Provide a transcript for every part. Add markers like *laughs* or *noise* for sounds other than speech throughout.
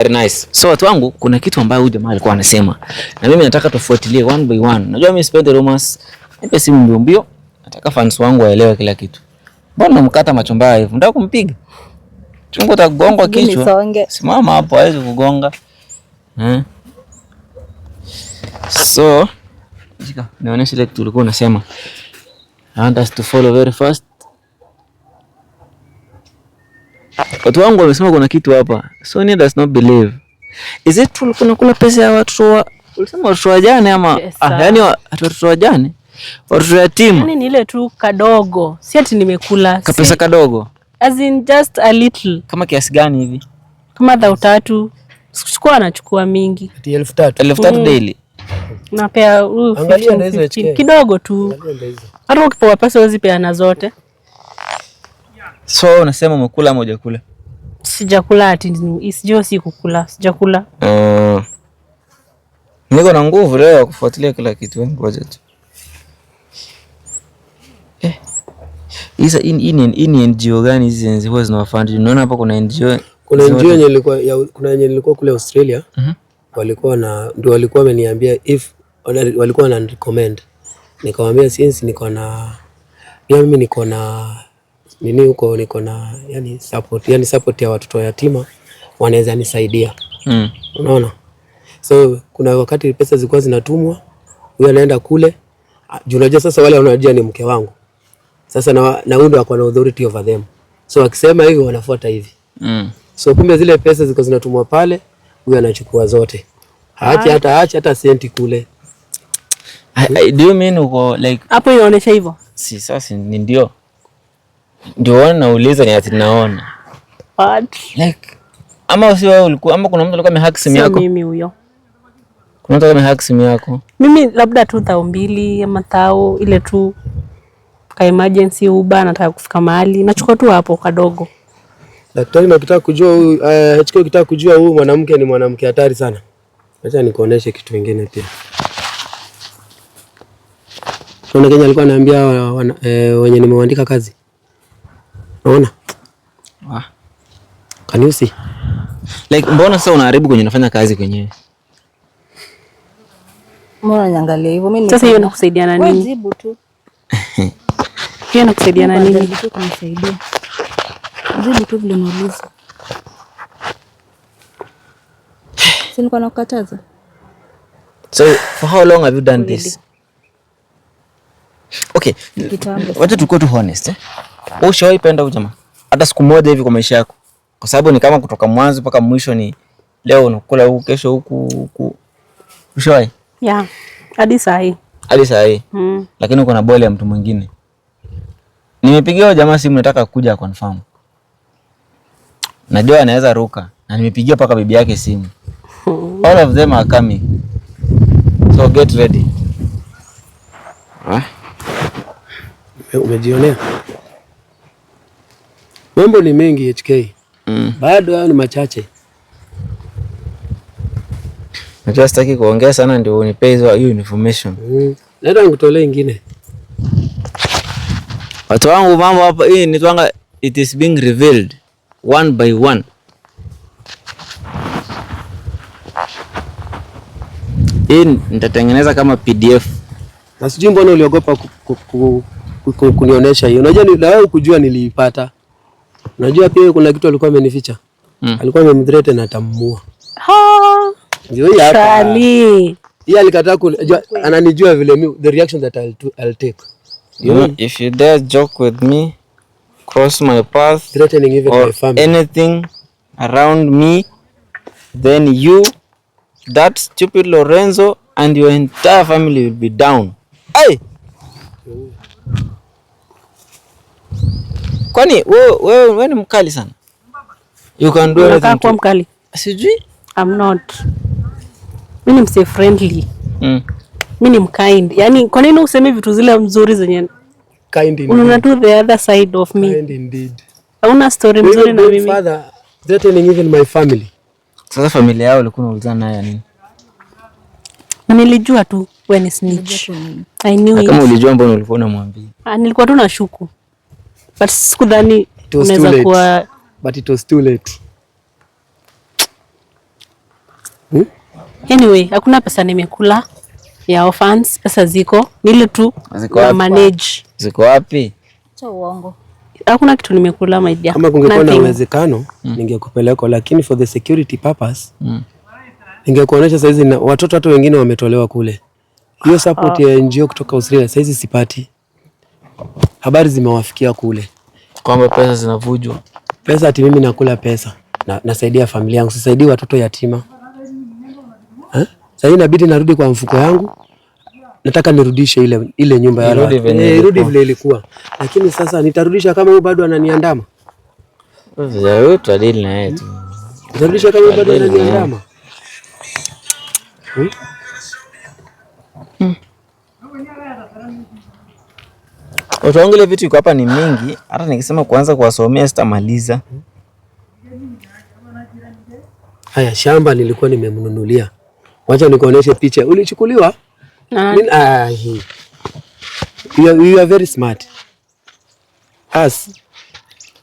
Very nice. So watu wangu, kuna kitu ambayo huyu jamaa alikuwa anasema na mimi nataka tufuatilie one by one. Najua mimi the rumors. Nipe simu mbio mbio. Nataka fans wangu waelewe kila kitu. Mbona mkata machombaya hivi? Ndio kumpiga. Chungu utagongwa kichwa. Simama hapo, hawezi kugonga. Eh. So, nionyeshe ile kitu ulikuwa unasema. I want us to follow very fast. Watu wangu wamesema kuna kitu hapa. Sonia does not believe. Is it true kuna kula pesa ya watu wa ulisema watu wajane ama yes, ah, yani watu wajane? Watu yatima. Yani ni ile tu kadogo. Si ati nimekula. Ka pesa kadogo. As in just a little. Kama kiasi gani hivi? Kama elfu tatu. Sikuwa anachukua mingi. Elfu tatu. Elfu tatu mm. daily. Napea huyu uh, kidogo tu. Hata ukipewa pesa huwezi peana zote. So unasema umekula moja kule Sijakula ati sijui siku kula, sijakula. Uh, niko na nguvu leo ya kufuatilia kila kitu, yaani ngoja tu. Eh. Isa in in in NGO gani hizi zenye huwa zinawafund? Unaona hapa kuna NGO kuna NGO yenye ilikuwa kuna yenye ilikuwa kule Australia. Mhm. Mm, walikuwa na ndio walikuwa wameniambia if walikuwa wanarecommend. recommend. Nikamwambia since niko na yaani mimi niko na nini huko niko na yani support, yani support ya watoto yatima wanaweza nisaidia mm. Unaona, so kuna wakati pesa zilikuwa zinatumwa, huyu anaenda kule unajua sasa wale wanajua ni mke wangu sasa, na na huyu ndio na authority over them, so akisema hivi wanafuata hivi mm. So kumbe zile pesa zilikuwa zinatumwa pale, huyu anachukua zote, haachi hata haachi hata senti kule. I, I, do you mean uko like hapo inaonesha hivyo, si sasa ni ndio ndio nauliza ni ati naona. What? Like, ama si wewe ulikuwa ama kuna mtu alikuwa amehack simu yako? Si mimi huyo. Kuna mtu amehack simu yako? Mimi labda tu thao mbili ama thao ile tu ka emergency uba nataka kufika mahali nachukua tu hapo kadogo. Daktari, nakitaka kujua huyu uh, eh, HK kitaka kujua huyu mwanamke ni mwanamke hatari sana. Acha nikuoneshe kitu kingine pia. Kuna Kenya alikuwa anaambia eh, wenye nimeandika kazi Unaona? Ah. Can you see? Like mbona sasa unaharibu kwenye nafanya kazi kwenyewe? Mbona niangalie hivyo mimi? Sasa hiyo inakusaidia na nini? Wajibu tu. Hiyo inakusaidia na nini? Jibu kunisaidia. Jibu tu vile nauliza. Sasa niko nakukataza. So for how long have you done this? Okay. Wacha tuko tu honest eh? Ushawahi penda huyu jamaa hata siku moja hivi kwa maisha yako? Kwa sababu ni kama kutoka mwanzo mpaka mwisho, ni leo unakula huku, kesho huku huku. Ushawahi? Yeah. Hadi saa Hadi saa Mm. Lakini uko na bole ya mtu mwingine. Nimepigia jamaa simu, nataka kuja confirm. Najua anaweza ruka na nimepigia paka bibi yake simu. *laughs* All of them are coming. So get ready. Ah. Umejionea? Mambo ni mengi HK. Mm. Bado hayo ni machache. Najua sitaki kuongea sana ndio unipe hiyo information. Mm. Leta nikutolee nyingine. Watu wangu mambo hapa hii ni twanga it is being revealed one by one. Hii nitatengeneza kama PDF. Na sijui mbona uliogopa kunionyesha hiyo. Unajua ni dawa kujua niliipata. Unajua pia kuna kitu alikuwa amenificha. Mm. Alikuwa amemdrete na tamua. Ha. Ndio hiyo hapa. Kali. Yeye alikataa kujua ananijua vile mimi the reaction that I'll, I'll take. You mm. know? If you dare joke with me, cross my path, threatening even or my family. Anything around me, then you that stupid Lorenzo and your entire family will be down. Hey. Mm. Kwani wewe wewe ni mkali sana? You can do anything. Kwa mkali. Sijui? I'm not. Mimi ni mse friendly. Mm. Mimi ni mkind. Yaani kwa nini useme vitu zile mzuri zenye kind indeed. una tu the other side of me. Kind indeed. Hauna story mzuri na mimi. Father threatening even my family. Sasa familia yao walikuwa wanauliza naye nini? Na nilijua tu wewe ni snitch. I knew it. Kama ulijua mbona ulikuwa unamwambia? Ah, nilikuwa tu na shuku but sikudhani unaweza kuwa but it was too late. Hmm? Anyway, hakuna pesa nimekula ya orphans, pesa ziko nile tu na manage. Ziko wapi? Cha uongo. Hakuna kitu nimekula my dear. Kama kungekuwa na uwezekano mm. ningekupeleka lakini for the security purpose mm. ningekuonesha saizi na watoto hata wengine wametolewa kule. Hiyo support oh. ya NGO kutoka Australia saizi sipati habari zimewafikia kule kwamba pesa zinavujwa. Pesa ati mimi nakula pesa na, nasaidia familia yangu, sisaidii watoto yatima. Eh? Sasa hii inabidi narudi kwa mfuko yangu, nataka nirudishe ile, ile nyumba ya irudi eh, vile ilikuwa. ilikuwa lakini sasa nitarudisha kama huyu bado ananiandama nitarudisha kama huyu bado ananiandama hmm? Hmm. Utaonga vitu iko hapa ni mingi, hata nikisema kuanza kuwasomea sitamaliza. Haya, shamba nilikuwa nimemnunulia, wacha nikuoneshe picha. Ulichukuliwa you are very smart. Us,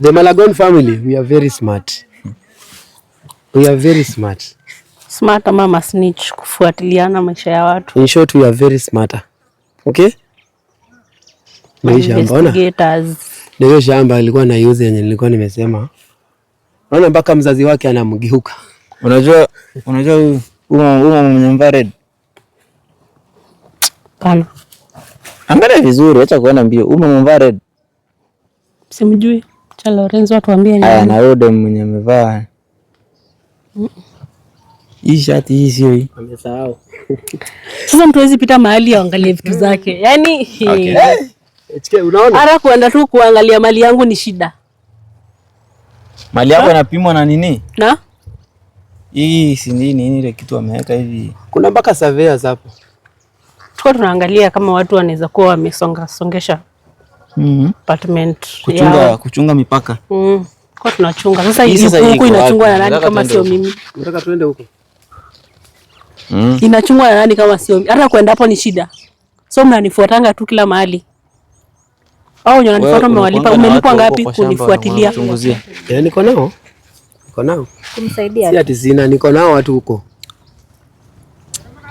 the Malagon family, we are very smart. We are very smart. Smart ama snitch kufuatiliana maisha ya watu. In short, we are very smarter. Okay? na hiyo shamba ilikuwa na yuzi yenye nilikuwa nimesema, naona mpaka mzazi wake anamgeuka. Unajua, unajua huyu mwenye mvaa red, angalia vizuri, acha kuona mbio. Huyu mwenye mvaa red simjui, cha Lorenzo atuambie nini? Aya, na yule mwenye amevaa hii shati hii sio hii. Amesahau. *laughs* Sasa mtu hawezi pita mahali aangalie vitu zake, yaani okay. Unaona? Ara kuenda tu kuangalia mali yangu ni shida. Mali yako inapimwa na nini? Na? Hii si nini ile kitu ameweka hivi. Kuna mpaka surveyors hapo. Tuko tunaangalia kama watu wanaweza kuwa wamesonga songesha mm -hmm. apartment kuchunga, yao. Kuchunga mipaka mm. Kwa tunachunga sasa, hii huku inachungwa na nani kama sio mimi? Nataka tuende huko. Mm. Inachungwa na nani kama sio mimi? Hata kuenda hapo ni shida, so mnanifuatanga tu kila mahali au wenye wananifuata umewalipa? Umelipa ngapi kunifuatilia? Eh, niko nao, niko nao kumsaidia, si ati sina, niko nao watu huko.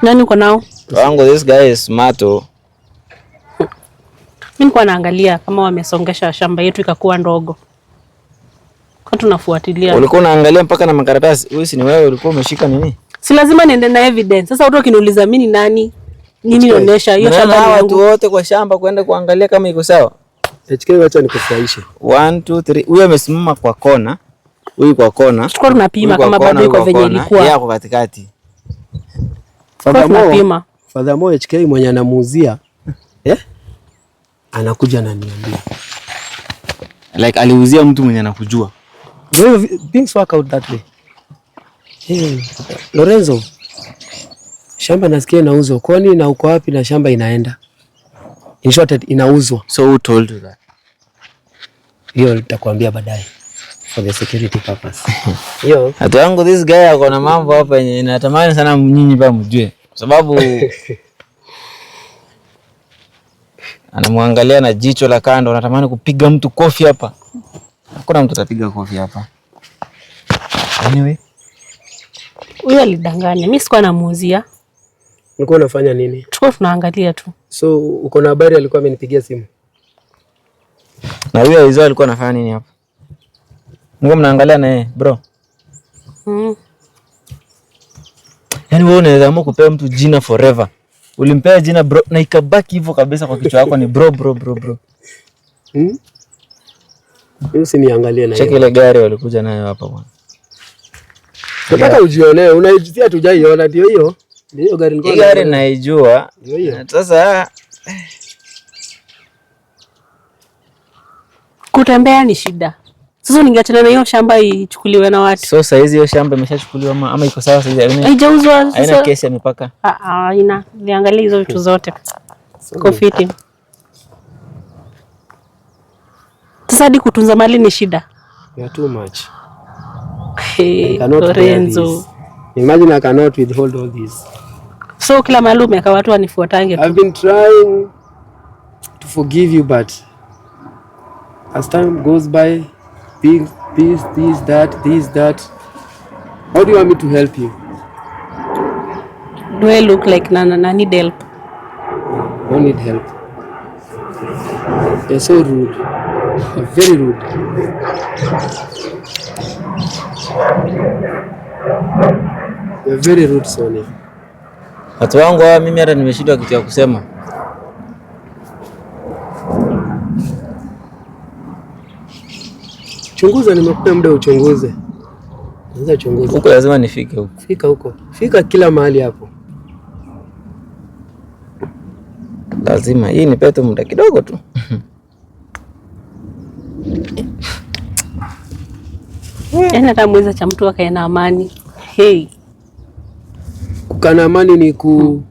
Nani uko nao? Wangu, this guy is smart. Mimi niko naangalia kama wamesongesha shamba yetu ikakuwa ndogo kwa tunafuatilia. Ulikuwa unaangalia mpaka na makaratasi? Huyu si ni wewe, ulikuwa umeshika nini? Si lazima niende na evidence. Sasa watu wakiniuliza mimi ni nani? Mimi naonesha hiyo shamba yangu. Watu wote kwa shamba kwenda kuangalia kama iko sawa. HK, wacha nikufurahishe. 1 2 3. Huyu amesimama kwa kona, huyu kwa kona. Chukua tunapima kama bado iko venye ilikuwa. Yeye ako katikati. Fadhamo, Fadhamo HK mwenye anamuuzia eh, anakuja ananiambia like aliuzia mtu mwenye anakujua. Well, Things work out that way. Hey, Lorenzo, shamba nasikia inauzwa, kwani na uko wapi na shamba inaenda? In short inauzwa. So who told you that? Hiyo nitakwambia baadaye for the security purpose. Hiyo *laughs* hata yangu this guy ako na mambo hapa yenye natamani sana nyinyi pa mjue kwa sababu *laughs* anamwangalia na jicho la kando, anatamani kupiga mtu kofi hapa. Hakuna mtu atapiga kofi hapa. Anyway, huyo alidanganya, mimi sikuwa namuuzia Ulikuwa unafanya nini? Tulikuwa tunaangalia tu. So uko na habari? Alikuwa amenipigia simu. Na huyo Aiza alikuwa anafanya nini hapa? Mko mnaangalia na yeye, bro? Mm. Yaani wewe unaweza amua kupea mtu jina forever. Ulimpea jina bro na ikabaki hivyo kabisa kwa kichwa chako ni bro bro bro bro. Mm. Usiniangalie na yeye. Cheki ile gari walikuja nayo hapa bwana. Nataka ujionee, unaijisia tujaiona ndio hiyo gari naijua sasa. Kutembea ni shida. Sasa ningeachana na hiyo shamba ichukuliwe na watu. So sasa hizi hiyo shamba imeshachukuliwa ama, ama iko sawa sasa hivi? Haijauzwa sasa. Haina kesi ya mipaka. Ah ah, ina. Niangalie hizo vitu zote. Siko fiti. Sasa hadi kutunza mali ni shida. Yeah, too much. Hey, Lorenzo. Imagine I cannot withhold all this. So kila maalum akawa watu anifuatange. I've been trying to forgive you but as time goes by this this this that this that how do you want me to help you? Do I look like nana na need help? You need help. You're so rude. You're very rude. You're very rude, Sonia. Watu wangu hawa, mimi hata nimeshindwa kitu ya kusema. Chunguza, nimekupa muda uchunguze. Anza chunguza huko, lazima nifike huko. Fika huko, fika kila mahali hapo, lazima hii. Nipe tu muda kidogo tu yaani hata mweza cha mtu akae na amani. Hey kukaa na amani ni ku,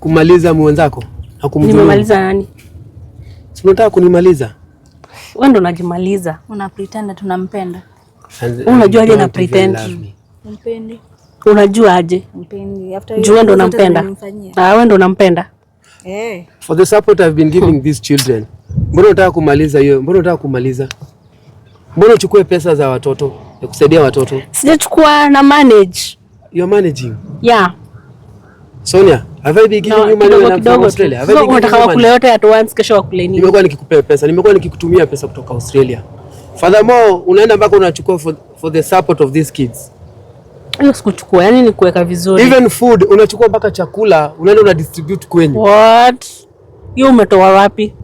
kumaliza mwenzako na kumdhuru. Nimemaliza nani? Si unataka kunimaliza wewe? Ndo unajimaliza, una pretend tunampenda. Unajua aje na pretend mpendi? Unajua aje mpendi? After you, Jua ndo unampenda ah, wewe ndo unampenda eh. For the support I've been giving these children, mbona unataka kumaliza hiyo? Mbona unataka kumaliza? Mbona uchukue pesa za watoto ya kusaidia watoto? Sijachukua na manage you are managing. Yeah. Sonia, have I been giving no, you money when I'm from Australia? Have I been giving you money? yote at once kesho wakule nini? Nimekuwa nikikupea pesa, nimekuwa nikikutumia pesa kutoka Australia. Furthermore, unaenda mpaka unachukua for, for the support of these kids. Hiyo sikuchukua, yani ni kuweka vizuri. Even food unachukua mpaka chakula, unaenda una distribute kwenye. What? Hiyo umetoa wapi?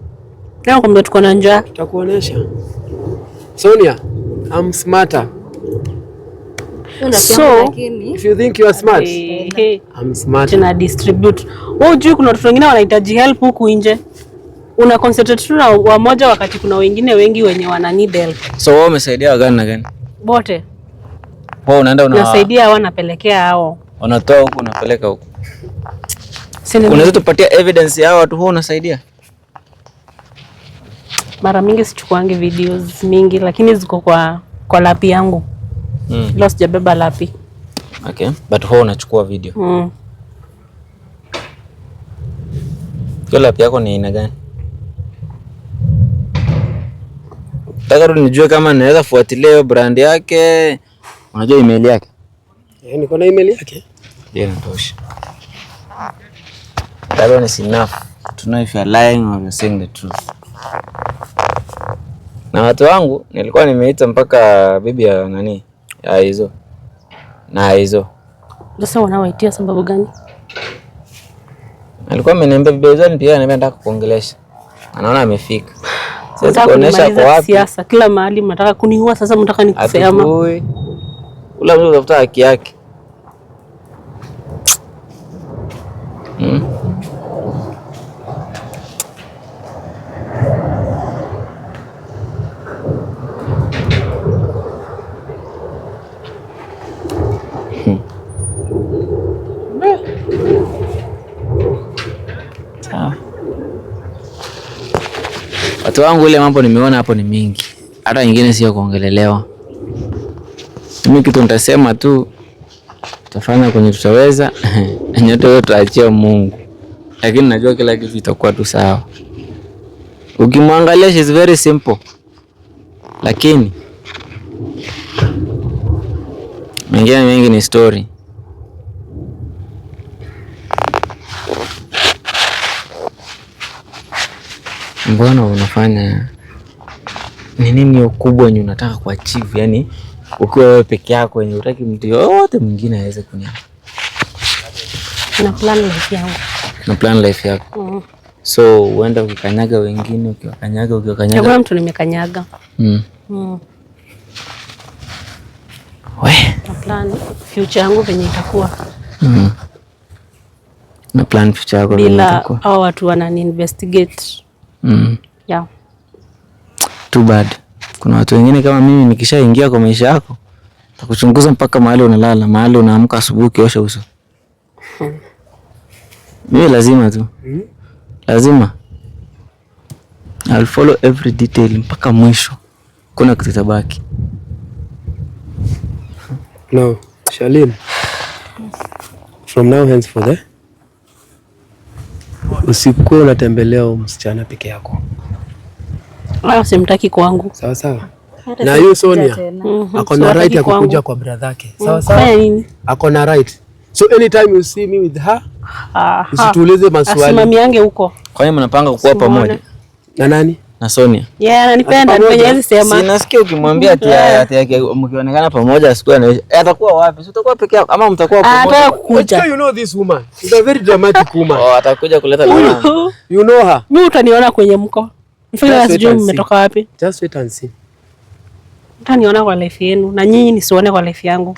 Leo kwamba tuko na njaa. Tutakuonesha. Sonia, I'm smarter. So if you think you are smart, I'm smart. Tuna distribute. Wewe unajua kuna watu wengine wanahitaji help huku nje. Una concentrate tu na wamoja wakati kuna wengine wengi wenye wana need help. So wewe umesaidia wagani na gani? Bote. Wewe unaenda una unasaidia hao napelekea hao. Unatoa huku unapeleka huku. Unaweza tupatia evidence ya watu wao unasaidia? Mara mingi sichukuangi videos mingi lakini ziko kwa kwa lapi yangu mm. Ila sijabeba lapi. Okay. But ho unachukua video mm. Hiyo lapi yako ni aina gani? Nataka tu nijue kama naweza fuatilia hiyo brand yake. Unajua email yake? Eh, niko na email yake. Ndio inatosha. That one is enough to know if you are lying or you are saying the truth. Na watu wangu nilikuwa nimeita mpaka bibi ya nani ya hizo na hizo. Sasa wanawaitia sababu gani? Alikuwa ameniambia vidozani pia ananiambia nataka kuongelesha, anaona amefika siasa kila mahali, mnataka kuniua sasa, mnataka nikusema. ama ula mtu utafuta haki yake. Hmm? Sawa. Watu wangu, ile mambo nimeona hapo ni mingi, hata nyingine sio kuongelelewa. Mimi kitu nitasema tu, tutafanya kwenye tutaweza *laughs* nyote wewe, tutaachia Mungu, lakini najua kila kitu itakuwa tu sawa. Ukimwangalia is very simple, lakini mengine mengi ni story. mbona unafanya ni nini ukubwa wenye unataka ku achieve Yani ukiwa wewe peke yako wenye utaki mtu yoyote mwingine aweze kunya na plan life yangu na plan life yako mm. So uenda ukikanyaga wengine ukiwakanyaga ukiwakanyaga, kuna mtu nimekanyaga mm. mm. We na plan future yangu venye itakuwa mm. na plan future yako venye itakuwa bila hao watu wanani investigate mm. yeah. Too bad. Kuna watu wengine kama mimi, nikishaingia kwa maisha yako takuchunguza mpaka mahali unalala, mahali unaamka asubuhi, kiosha uso *laughs* mimi lazima tu mm. lazima I'll follow every detail mpaka mwisho, kuna kitu kitabaki. No, Shalim. From now henceforth, eh? usikuwa unatembelea msichana peke yako. Wala ah, simtaki kwangu. Sawa sawa. Na hiyo Sonia mhm, ako na right ya kukuja kwa brother yake. Mm, sawa sawa. nini? Ako na right. So anytime you see me with her, ah, usituulize maswali. Asimamiange huko. Kwa nini mnapanga kuwa pamoja. Na nani? na Sonia. Yeah, ananipenda kwenye hizi sema. Si nasikia ukimwambia ati ati mkionekana pamoja siku anaisha. Eh, atakuwa wapi? Si utakuwa peke yako ama mtakuwa ah, pamoja? Atakuja kuja. You know this woman. She's a very dramatic woman. Oh, atakuja kuleta drama. You know her. Mimi utaniona kwenye mko. Mfanya sijui mmetoka wapi. Just wait and see. Utaniona kwa life yenu na nyinyi nisione kwa life yangu.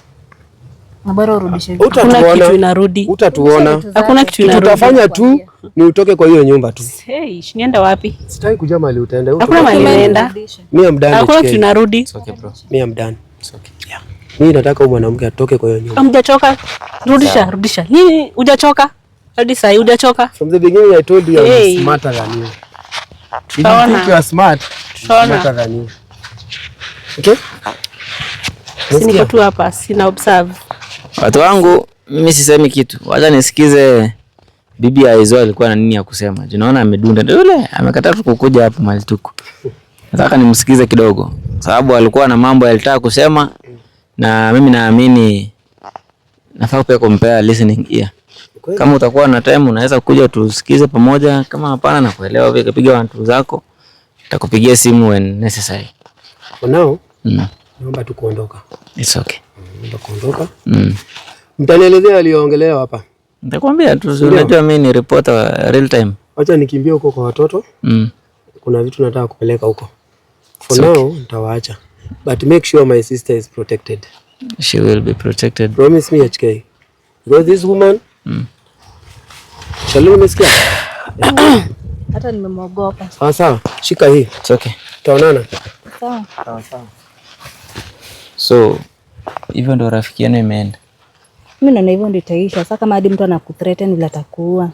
Ah, utatuona, hakuna kitu tutafanya tu ni utoke kwa hiyo nyumba tu. Nienda wapi? Sitaki kuja mali utaenda. Hakuna mali naenda. Mimi am done. Hakuna kitu Mimi am done. Mimi nataka mwanamke atoke kwa hiyo nyumba. Ah, rudisha, rudisha. Nini hujachoka? Hadi sasa hujachoka? From the beginning I told you I'm smarter than you. Tutaona. You are smart. Okay? tu hapa, sina observe. Watu wangu mimi sisemi kitu, wacha nisikize bibi Aizo alikuwa na nini ya kusema. Tunaona amedunda yule, amekataa tu kukuja hapa mali tuko. Nataka nimsikize kidogo, sababu alikuwa na mambo yalitaka kusema, na mimi naamini nafaa pia kumpea listening ear. Kama utakuwa na time unaweza kuja tusikize pamoja, kama hapana, nakuelewa vile kapiga watu zako, nitakupigia simu when necessary. For now, mm. Naomba tukuondoka. It's okay kuondoka. Mm. Mtanielezea aliyoongelewa hapa. Nitakwambia tu, unajua mimi ni reporter wa real time. Acha nikimbia huko kwa watoto. Mm. Kuna vitu nataka kupeleka huko. For It's now, Nitawaacha. But make sure my sister is protected. She will be protected. Promise me HK. Because this woman, mm. Shalom *coughs* umesikia? Hata nimemwogopa. Sawa ah, sawa, shika hii. It's okay. Taonana. Sawa. Sawa sawa. So Hivyo ndo rafiki yenu imeenda? Mimi naona hivyo ndo itaisha. Sasa kama hadi mtu anakuthreaten bila atakuua,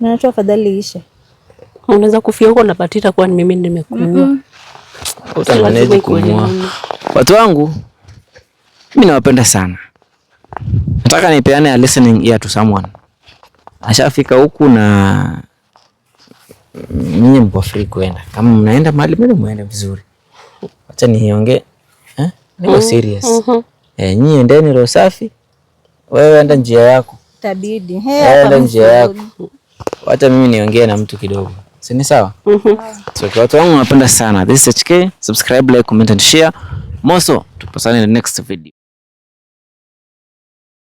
natoa afadhali ishe. Unaweza kufia huko na pati itakuwa ni mimi nimekuua. mm -mm. Utamanage kumua. Watu wangu mimi nawapenda sana, nataka nipeane a listening ear to someone. Ashafika huku na ninyi mko free kwenda, kama mnaenda mahali mwende, muende vizuri. Acha niongee niko oh, serious mm -hmm. E, endeni roho safi, wewe enda njia yako, tabidi enda njia yako. Hata mimi niongee na mtu kidogo, si ni sawa? mm -hmm. So kwa watu wangu napenda sana, this is HK, subscribe, like, comment and share. Moso, tupasane in the next video.